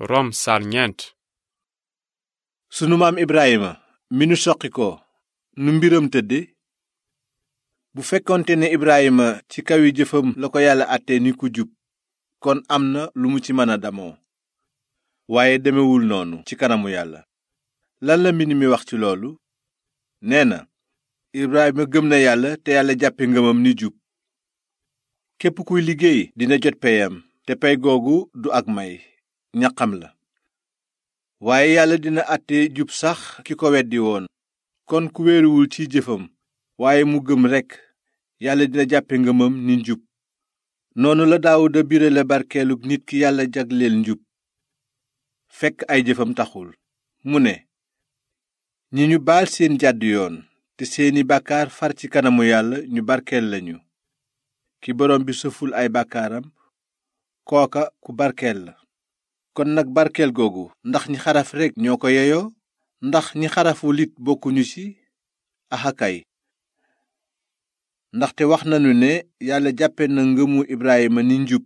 rom sar ñeent sunu maam ibrahima mi nu soqi ko nu mbiram tëdde bu fekkonte ne ibrahima ci kawi jëfam la ko yàlla àtte ni ku jub kon am na lu mu ci mën a damoo waaye demewul noonu ci kanamu yàlla lan la mbind mi wax ci loolu nee na ibrahima gëm na yàlla te yàlla jàppe ngëmam ni jub képp kuy liggéey dina jot peyam te pey googu du ak may ñaqam la waaye yàlla dina àtte jub sax ki ko weddi woon kon ku wéeruwul ci jëfam waaye mu gëm rekk yàlla dina jàppe ngëmam ni njub noonu la daawuda birale barkeelub nit ki yàlla jagleel njub fekk ay jëfam taxul mu ne ñi ñu baal seen jàdd yoon te seeni bàkkaar far ci kanamu yàlla ñu barkeel lañu ki borom bi sëful ay bàkkaaram kooka ku barkeel la kon nag barkeel googu ndax ñi xaraf rekk ñoo ko yeyoo ndax ñi xaraful it bokkuñu ci axakay ndaxte wax nañu ne yàlla jàppe na ngëmu Ibrahima ni njub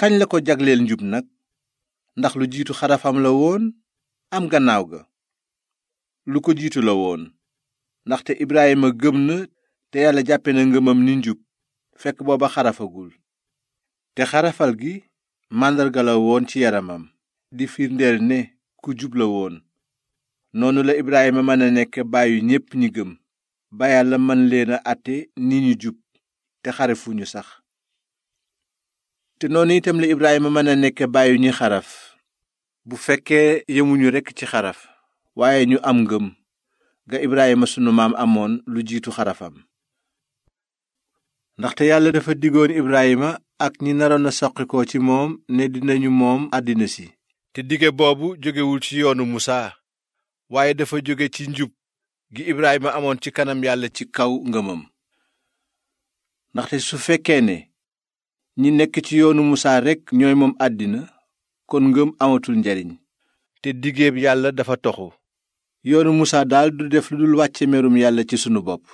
kañ la ko jagleel njub nag ndax lu jiitu xarafam la woon am gannaaw ga lu ko jiitu la woon ndaxte Ibrahima gëm na te yàlla jàppe na ngëmam ni njub fekk booba xarafagul te xarafal gi màndargalawoon ci yaramam di firndeel ne ku jub la woon noonu la Ibrahima mën a nekk bàyyu ñépp ñi gëm ba yàlla mën leen a àtte ni ñu jub te xarafuñu sax te noonu itam la Ibrahima mën a nekk bàyyu ñuy xaraf bu fekkee yemuñu rekk ci xaraf waaye ñu am ngëm ga Ibrahima sunu maam amoon lu jiitu xarafam ak ñi naroon a soqikoo ci moom ne dinañu moom àddina si te dige boobu jógewul ci yoonu musaa waaye dafa jóge ci njub gi Ibrahima amoon ci kanam yàlla ci kaw ngëmam ndaxte su fekkee ne ñi nekk ci yoonu musaa rekk ñooy moom àddina kon ngëm amatul njariñ te digeeb yàlla dafa toxu yoonu musaa daal du def lu dul wàcce merum yàlla ci sunu bopp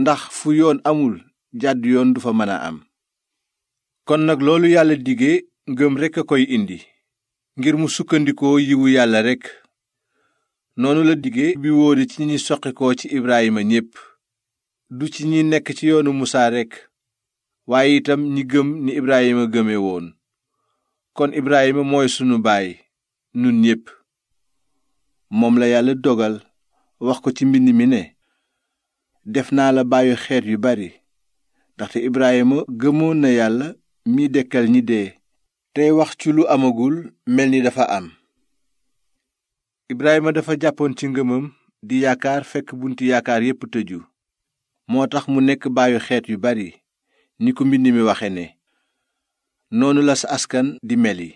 ndax fu yoon amul jàdd yoon du fa mën a am kon nag loolu yàlla dige ngëm rekk a koy indi ngir mu sukkandikoo yiwu yàlla rekk noonu la dige bi wóori ci ñi soqikoo ci Ibrahima ñépp du ci ñi nekk ci yoonu Musaa rekk waaye itam ñi gëm ni Ibrahima gëme woon kon Ibrahima mooy sunu baay nun ñépp moom la yàlla dogal wax ko ci mbind mi ne def naa la baayu xeet yu bari ndaxte Ibrahima gëmoon na yàlla mi dekkal ñi dee tey wax ci lu amagul mel ni dafa am Ibrahima dafa jàppoon ci ngëmam di yaakaar fekk bunti yaakaar yépp tëju moo tax mu nekk bàyyi xeet yu bari ni ko mbind mi waxe ne noonu la sa askan di mel meli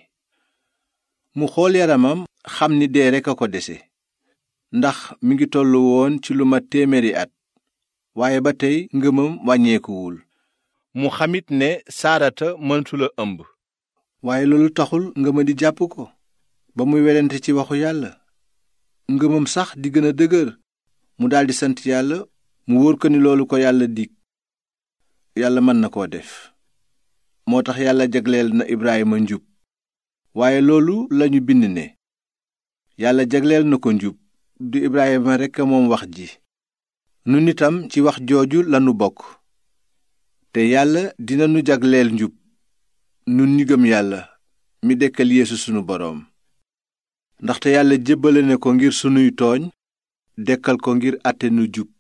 mu xool yaramam xam ni dee rekk a ko dese ndax mu ngi tollu woon ci lu ma téeméeri at waaye ba tey ngëmam wàññeekuwul mu xamit ne saarata mëntula ëmb waaye loolu taxul nga ngëma di jàpp ko ba muy welente ci waxu yàlla ngëmam sax di gën a dëgër mu daldi sant yàlla mu wóor ko ni loolu ko yàlla dig yàlla mën na koo def moo tax yàlla jagleel na Ibrahima njub waaye loolu lañu bind ne yàlla jagleel na ko njub du Ibrahima rekk moom wax ji nun itam ci wax jooju lanu bokk te yàlla dina nu jagleel njub nu ñi gëm yàlla mi dekkal yéesu sunu boroom ndaxte yàlla jébbale ne ko ngir sunuy tooñ dekkal ko ngir àtte nu jub